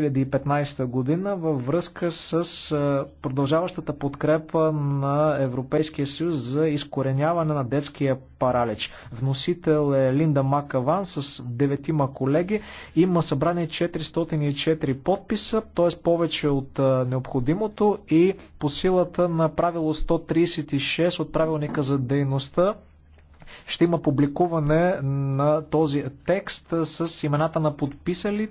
2015 година във връзка с продължаващата подкрепа на Европейския съюз за изкореняване на детския паралич. Вносител е Линда Макаван с деветима колеги. Има събрани 404 подписа, т.е. повече от необходимото и по силата на правило 136 от правилника за дейността ще има публикуване на този текст с имената на подписалите.